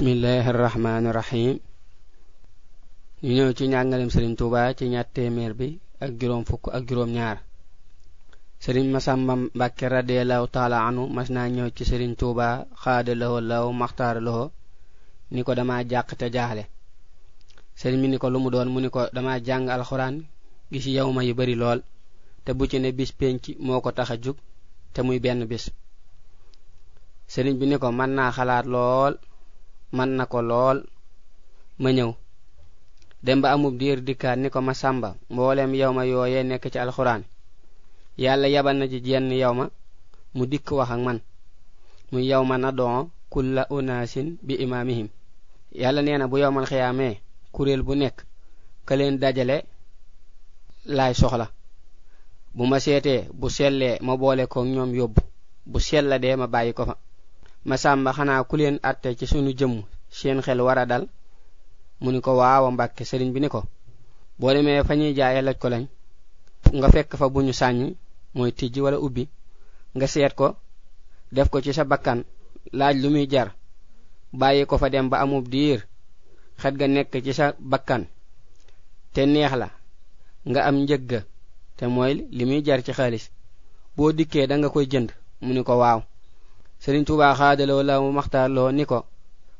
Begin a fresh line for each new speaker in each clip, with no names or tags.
Bismillahirrahmanirrahim. ñu ñëw ci ñàngalem sëriñ tuuba ci ñaat téeméer bi ak juróom fukk ak juróom ñaar sëriñ masamba mbàkke radiallahu taala anu mas naa ñëw ci sëriñ tuuba xaada lawo law maxtaar lawo ni ko dama jàq te jaaxle sëriñ mi ni ko lu mu doon mu ni ko dama jàng alxuraan gis yawma yu bari lool te bu ci ne bis penc moo ko tax a jug te muy benn bis sëriñ bi ni ko mën naa xalaat lool man na ko lool ma ñëw dem ba amub diir dikkaat ni ko ma sàmba mboolem yow ma yooyee nekk ci alxuraan yàlla yabal na ci jenn yow ma mu dikk wax ak man mu yow ma na don kulla unaasin bi imaamihim yàlla nee na bu man xiyaamee kuréel bu nekk ka leen dajale laay soxla bu ma seetee bu sellee ma boole ko ñoom yóbbu bu selladee ma bàyyi ko fa ma sàmba xanaa ku leen atte ci sunu jëmm seen xel war a dal mu ni ko waawa mbàkke sëriñ bi ni ko boo demee fa ñuy jaaye laj ko lañ nga fekk fa bu ñu sàññ mooy tijji wala ubbi nga seet ko def ko ci sa bakkan laaj lu muy jar bàyyi ko fa dem ba amub diir xet ga nekk ci sa bakkan te neex la nga am njëg te mooy li muy jar ci xaalis boo dikkee da nga koy jënd mu ni ko waaw serigne touba xaadaloo la mu maxtaarloo lo niko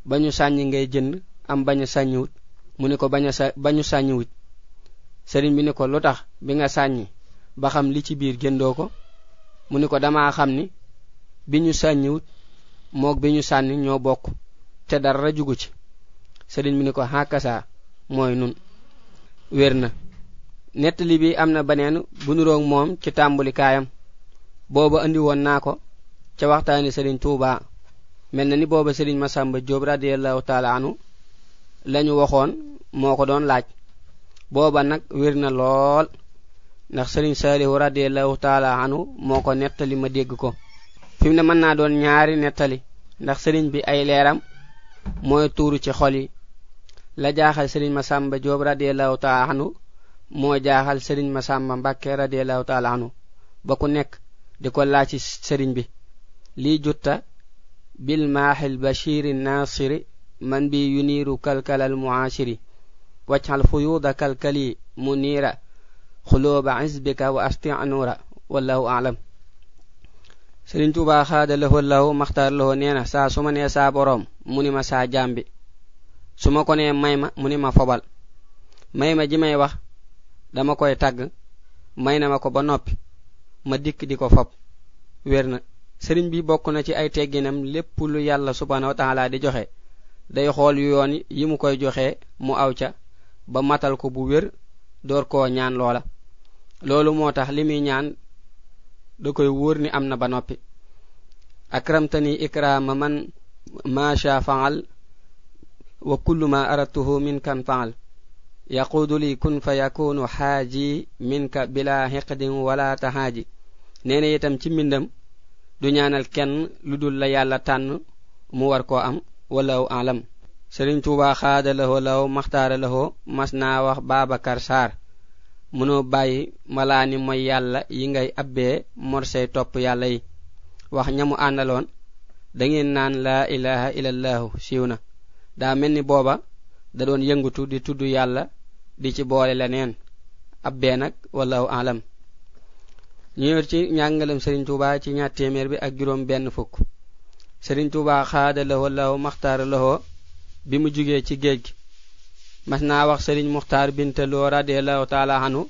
bañu sàññ ngay jënd am bañu sàññiwut mu niko ko bañu sa bañu sàññiwut bi niko lutax lu tax bi nga sañi ba xam li ci biir jëndoo ko mu niko dama xam ni bi ñu sàññiwut moog bi ñu sànni ñoo te dara jugu ci serigne bi niko hakasa moy nun werna netali bi am na bu nu rok moom ci kayam. booba andi woon nako ko ca waxtaani sëriñ tuuba mel na ni booba sëriñ masamba jóob radiallahu taala anu lañu waxoon moo ko doon laaj booba nag wér na lool ndax sëriñ saalihu radiallahu taala anu moo ko nettali ma dégg ko fi mu ne mën naa doon ñaari nettali ndax sëriñ bi ay leeram mooy tuuru ci xol yi la jaaxal sëriñ masamba jóob radiallahu taala anu moo jaaxal sëriñ masamba mbàkke radiallahu taala anu ba ku nekk di ko laaj ci sëriñ bi lii jutta bilmaaxi lbashiiri nnaasiri man bi yuniiru kalkala almucaashiri wajxal fuyuuda kalkali muniira xulooba xisbika wa astic nuura wallahu aclam sëriñ tuubaa xaada lahu lahu maxtaar lahu nee na saa su ma nee saa boroom mu ni ma saa jàmbi su ko ne mayma ma ma fobal mayma ma ji may wax dama koy tàgg may na ma ko ba noppi ma dikk di ko fob wér sëriñ bi bokk na ci ay tegginam lépp lu yàlla subhanahu wa taala di joxe day xool yoon yi mu koy joxe mu aw ca ba matal ko bu wér door koo ñaan loola loolu moo tax li muy ñaan da koy wóor ni am na ba noppi akramtani ikrama man maasha faal wa kullu ma aradtuhu minkan faal yaquudu li kun fa yakunu xaaji minka bila xiqdin wala tahaaji neene itam ci mbindam du ñaanal kenn lu dul la yàlla tànn mu war koo am walaw alam sëriñ tuuba xaada laho law maxtaara laho mas naa wax baabakar saar mënoo bàyyi malaani mooy yàlla yi ngay abbee morsey topp yàlla yi wax ñamu àndaloon dangeen naan la ilaha illallahu siiw na daa mel ni booba da doon yëngutu di tudd yàlla di ci boole leneen abbee nag wallahu alam ñëwer ci njàngalem Serigne Touba ci ñaar téeméer bi ak juróom benn fukk Serigne Touba xaada lahoo lahoo maxtaara lahoo bi mu jugee ci géej gi mas naa wax Serigne Muxtaar Binta Lo radiyallahu taala anhu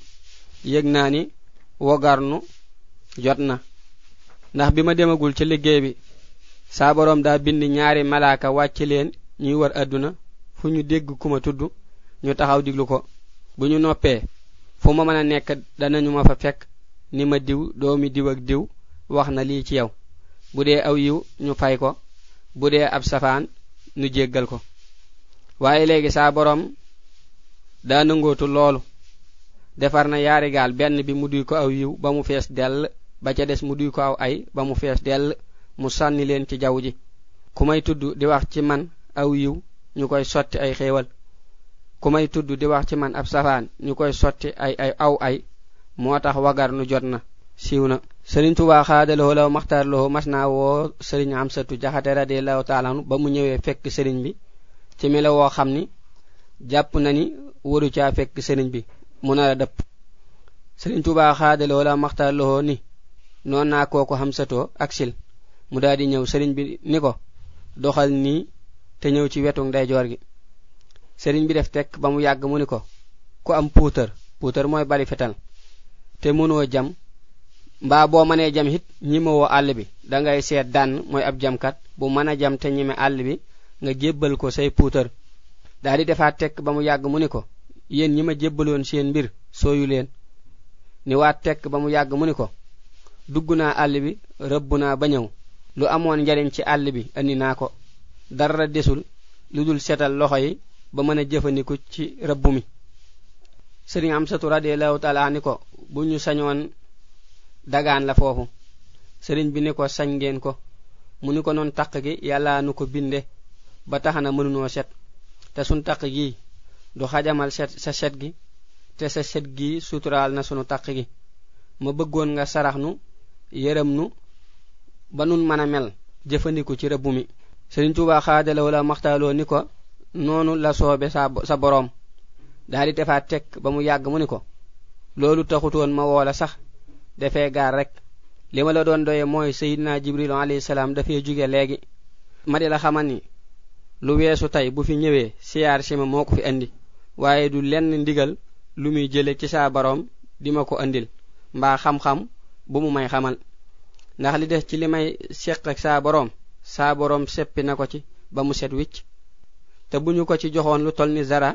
yëg naa ni wogarnu jot na ndax bi ma demagul ci liggéey bi saa boroom daa bind ñaari malaaka wàcc leen ñuy war àdduna fu ñu dégg ku ma tudd ñu taxaw diglu ko bu ñu noppee fu ma mën a nekk danañu ma fa fekk ni ma diw doomi diw ak diw wax na lii ci yow bu dee aw yiw ñu fay ko bu dee ab safaan ñu jéggal ko waaye léegi saa boroom daa nangootu loolu defar na yaari gaal benn bi mu duy ko aw yiw ba mu fees dell ba ca des mu duy ko aw ay ba mu fees dell mu sànni leen ci jaww ji ku may tudd di wax ci man aw yiw ñu koy sotti ay xéewal ku may tudd di wax ci man ab safaan ñu koy sotti ay ay aw ay moo tax wagar nu jot na siiw na sëriñ tuba xaadaloo law maxtaar loo mas naa woo sëriñ am satu jaxate radiallahu taala nu ba mu ñëwee fekk sëriñ bi ci melo woo xam ni jàpp na ni waru caa fekk sëriñ bi mu na a dëpp sëriñ tubaa xaadaloo law maxtaar loo ni noon naa kooku xam satoo ak sil mu daal di ñëw sëriñ bi ni ko doxal nii te ñëw ci wetu ndeyjoor gi sëriñ bi def tekk ba mu yàgg mu ni ko ku am puutar puutar mooy bari fetal te mënoo jam mbaa boo mënee jam it ñimewoo àll bi dangay seet dànn mooy ab jamkat bu mën a jam te ñime àll bi nga jébbal ko say puutar daal di defaat tekk ba mu yàgg mu ni ko yéen ñi ma jébbaloon seen mbir sooyu leen ni waat tekk ba mu yàgg mu ni ko dugg naa àll bi rëbb naa ba ñëw lu amoon njariñ ci àll bi andi naa ko dara desul lu dul setal loxo yi ba mën a jëfandiku ci rëbb mi sëriñ amsatu radiallahu taala ni ko bu ñu sañoon dagaan la foofu sëriñ bi ni ko sañ ngeen ko mu ni ko noon taq gi yàlla nu ko binde ba tax na mënunoo set te sun taq gi du xajamal set sa set gi te sa set gi suturaal na sunu taq gi ma bëggoon nga sarax nu yërëm nu ba nun mën a mel jëfandiku ci rëbb mi sëriñ Tuubaa xaadalaw la maxtaaloo ni ko noonu la soobe sa sa boroom daal di defaat teg ba mu yàgg mu ni ko loolu taxutoon ma woola sax dafee gaar rek li ma la doon doye mooy sayidina jibril alayhi salaam dafay jóge léegi ma di la xamal ni lu weesu tey bu fi ñëwee siyaar si ma moo ko fi andi. waaye du lenn ndigal lu muy jële ci saa boroom di ma ko andil mbaa xam-xam bu mu may xamal ndax li des ci li may seq ak saa boroom saa boroom seppi na ko ci ba mu set wicc te bu ñu ko ci joxoon lu tol ni zara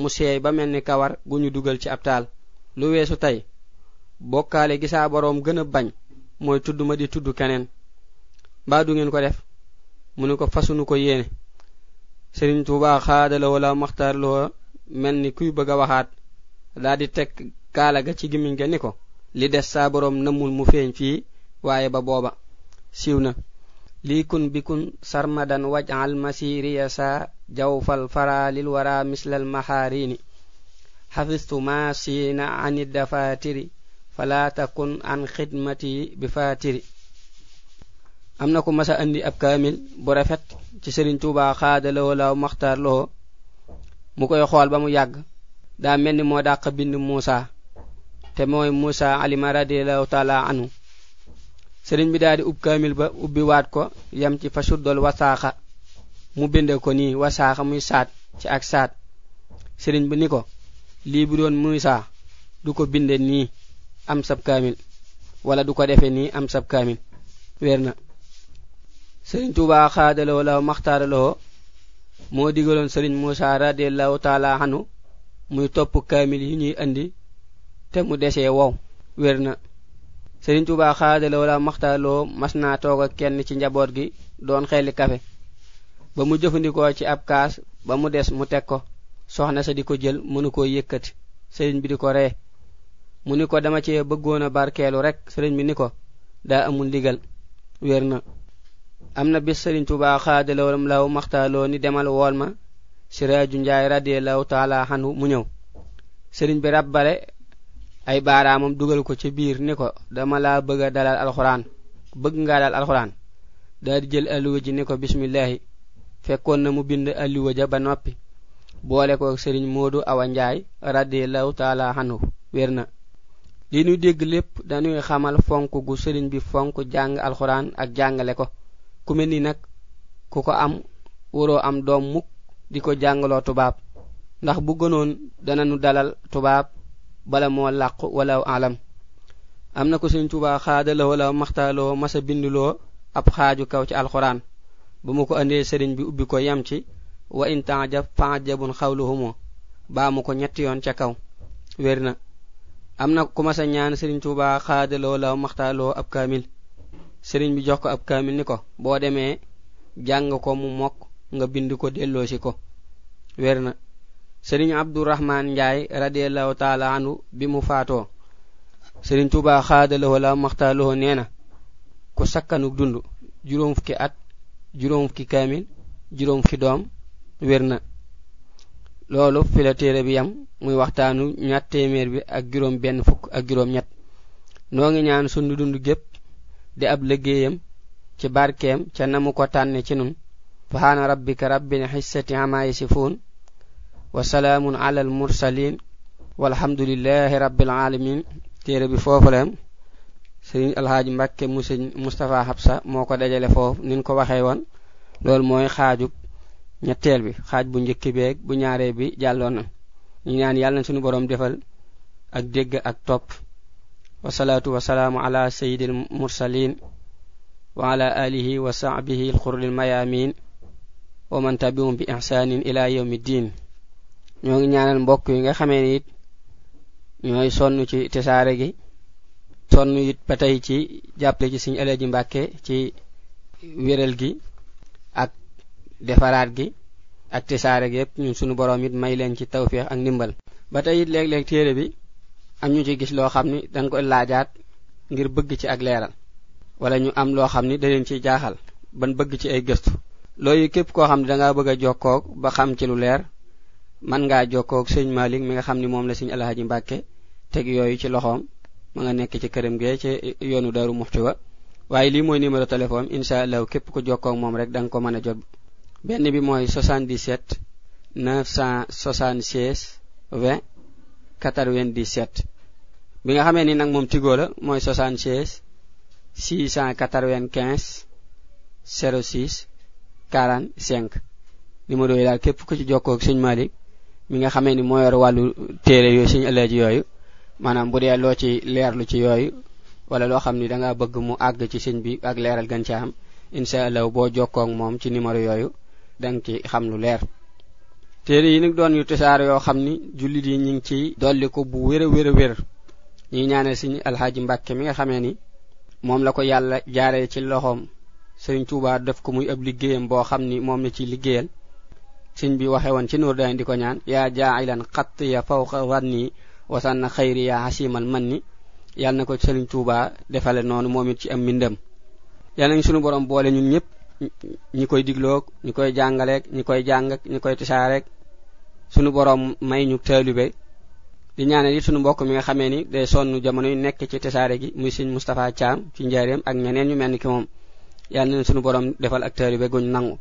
mu seey ba mel ni kawar gu ñu dugal ci ab taal lu weesu tey bokkaale gi boroom gën a bañ mooy tudd ma di tudd keneen mbaa du ngeen ko def mu ne ko fasunu ko yéene sëriñ tuuba la wala maxtaar loo mel ni kuy bëgg a waxaat daa di teg kaala ga ci gimiñ ga ni ko li des saa boroom namul mu feeñ fii waaye ba booba siiw na lii kun bi kun sarmadan waj al masiriya saa jawfal fara lil wara mislal maxaariini حفظت ما سين عن الدفاتر فلا تكن عن خدمتي بفاتر am na ko masa andi ab kaamil bu rafet ci sëriñ tuuba xaadaloo law maxtaar loo mu koy xool ba mu yàgg daa mel ni moo dàq bind muusa te mooy muusa alima radiallahu taala anu sëriñ bi daal di ub kaamil ba ubbi waat ko yam ci fasuddol wasaaxa mu bind ko nii wasaaxa muy saat ci ak saat sëriñ bi ni ko lii bu doon musa du ko binde nii am sab kaamil wala du ko defe nii am sab kaamil weer na sëriñ Tuubaa xaadaloo law maxtaaraloo moo digaloon musa Muusa radiallahu taala anhu muy topp kaamil yi ñuy andi te mu desee wow weer na sëriñ Tuubaa xaadaloo law maxtaaraloo mas naa toog ak kenn ci njaboot gi doon xeli kafe ba mu jëfandikoo ci ab kaas ba mu des mu teg ko soxna sa di ko jël mënu koo yëkkati sëriñ bi di ko ree mu ni ko dama cee bëggoon a barkeelu rek sëriñ bi ni ko daa amul ndigal wér na am na bis sëriñ Tuubaa xaadalawlam law maxtaaloo ni demal wool ma siraaju njaay radiallahu taala xanhu mu ñëw sëriñ bi rabbale ay baaraamam dugal ko ci biir ni ko dama laa bëgg a dalal alxuraan bëgg ngaa dal alxuraan da di jël alluwa ji ni ko bismillahi fekkoon na mu bind alluwa ja ba noppi boole ko sëriñ moodu awa njaay radiallahu taala anhu wér na li ñu dégg lépp dañuy xamal fonk gu sëriñ bi fonk jàng alxuraan ak jàngale ko ku mel ni nag ku ko am waroo am doom mukk di ko jàngaloo tubaab ndax bu gënoon nu dalal tubaab bala moo làqu wala alam am na ko sëriñ tuba xaadaloo la maxtaaloo masa binduloo ab xaaju kaw ci alxuraan ba mu ko andee sëriñ bi ubbi ko yam ci wa in tajab fajabun khawluhum ba mu ko ñetti yoon ca kaw werna amna ku ma sa ñaan serin tuba khade lo law maxtalo ab kamil serin bi jox ko ab kamil ni ko bo deme jang ko mu mok nga bind ko dello ci ko werna serin abdurrahman njay radiyallahu ta'ala anu bi mu faato serin tuba khade lo law maxtalo neena ku sakkanu dundu juroom fukki at juroom fukki kamil juroom fukki dom wér na loolu fi la téere bi yam muy waxtaanu ñatt téeméer bi ak juróom benn fukk ak juróom ñett noo ngi ñaan sunu dund gépp di ab liggéeyam ci barkeem ca namu ko tànne ci nun subhaana rabbika rabbil xissati ama yasifuun wa salaamun ala al mursalin walhamdulillahi rabbil alamin téere bi foofu la yam sëriñ alxaaji mbàkke mu xabsa moo ko dajale foofu nin ko waxee woon loolu mooy xaajub ñetteel bi xaaj bu njëkk beeg bu ñaaree bi jàlloon na ñu ñaan yàlla na suñu borom defal ak dégg ak topp wa wasalaamu ala sayidil mursalin wa ala alihi wa sahbihi al mayamin wa man tabium bi ihsanin ila yawmi din ñoo ngi ñaanal mbokk yi nga xamee ni it ñooy sonn ci tesaare gi sonn it ba tey ci jàppale ci suñu eleji mbàkke ci wéral gi defaraat gi ak tisaare gi yépp ñun suñu borom it may leen ci tawfiix ak ndimbal ba tey it léeg-léeg téere bi am ñu ci gis loo xam dañ ko laajaat ngir bëgg ci ak leeral wala ñu am loo xam ni da leen ci jaaxal ban bëgg ci ay gëstu loolu képp koo xam ne da ngaa bëgg a ba xam ci lu leer man ngaa jokkoo sëñ Malik mi nga xam ni moom la sëñ Alhaji Mbàkke teg yooyu ci loxoom ma nga nekk ci këram gee ci yoonu daru muxti wa waaye lii mooy numéro téléphone incha allahu képp ku jokkoo moom rek da ko mën jot benn bi mooy 77 976 20 97 bi nga xamee ni nag moom tigo la mooy 76 695 06 45 numéro yi daal képp ku ci jokkoo ak sëñ Malick mi nga xamee ni moo yor wàllu téere yooyu sëñ ëllëji yooyu maanaam bu dee loo ci leerlu ci yooyu wala loo xam ni da nga bëgg mu àgg ci sëñ bi ak leeral gan ca am incha allahu boo jokkoo ak moom ci numéro yooyu dang ci xam lu leer téere yi nag doon yu tasaare yoo xam ni jullit yi ñu ngi ciy dolli ko bu wér a wér a wér ñuy ñaanal suñu alxaaji mbàkke mi nga xamee ni moom la ko yàlla jaaree ci loxoom sëriñ Touba def ko muy ab liggéeyam boo xam ni moom la ci liggéeyal sëñ bi waxe woon ci nuur daan di ko ñaan yaa jaailan xatt ya fawqa wanni wasanna xayri yaa xasimal man ni yàlla na ko sëriñ tuubaa defale noonu moom it ci am mindam. yàlla nañ sunu borom boole ñun ñëpp ñi koy digloog ñi koy jàngaleeg ñi koy jàng ñi koy tisaareeg sunu borom may ñu taalube di ñaanal it sunu mbokk mi nga xamee ni day sonn jamono yu nekk ci tisaare gi muy sëñ Moustapha Thiam ci njaareem ak ñeneen ñu ki sunu borom defal ak taalube guñ nangu